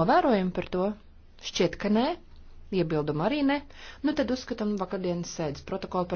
Novērojumi par to? Šķiet, ka nē. Iebildumu arī ne. Nu tad uzskatām vakardienas sēdes protokolu par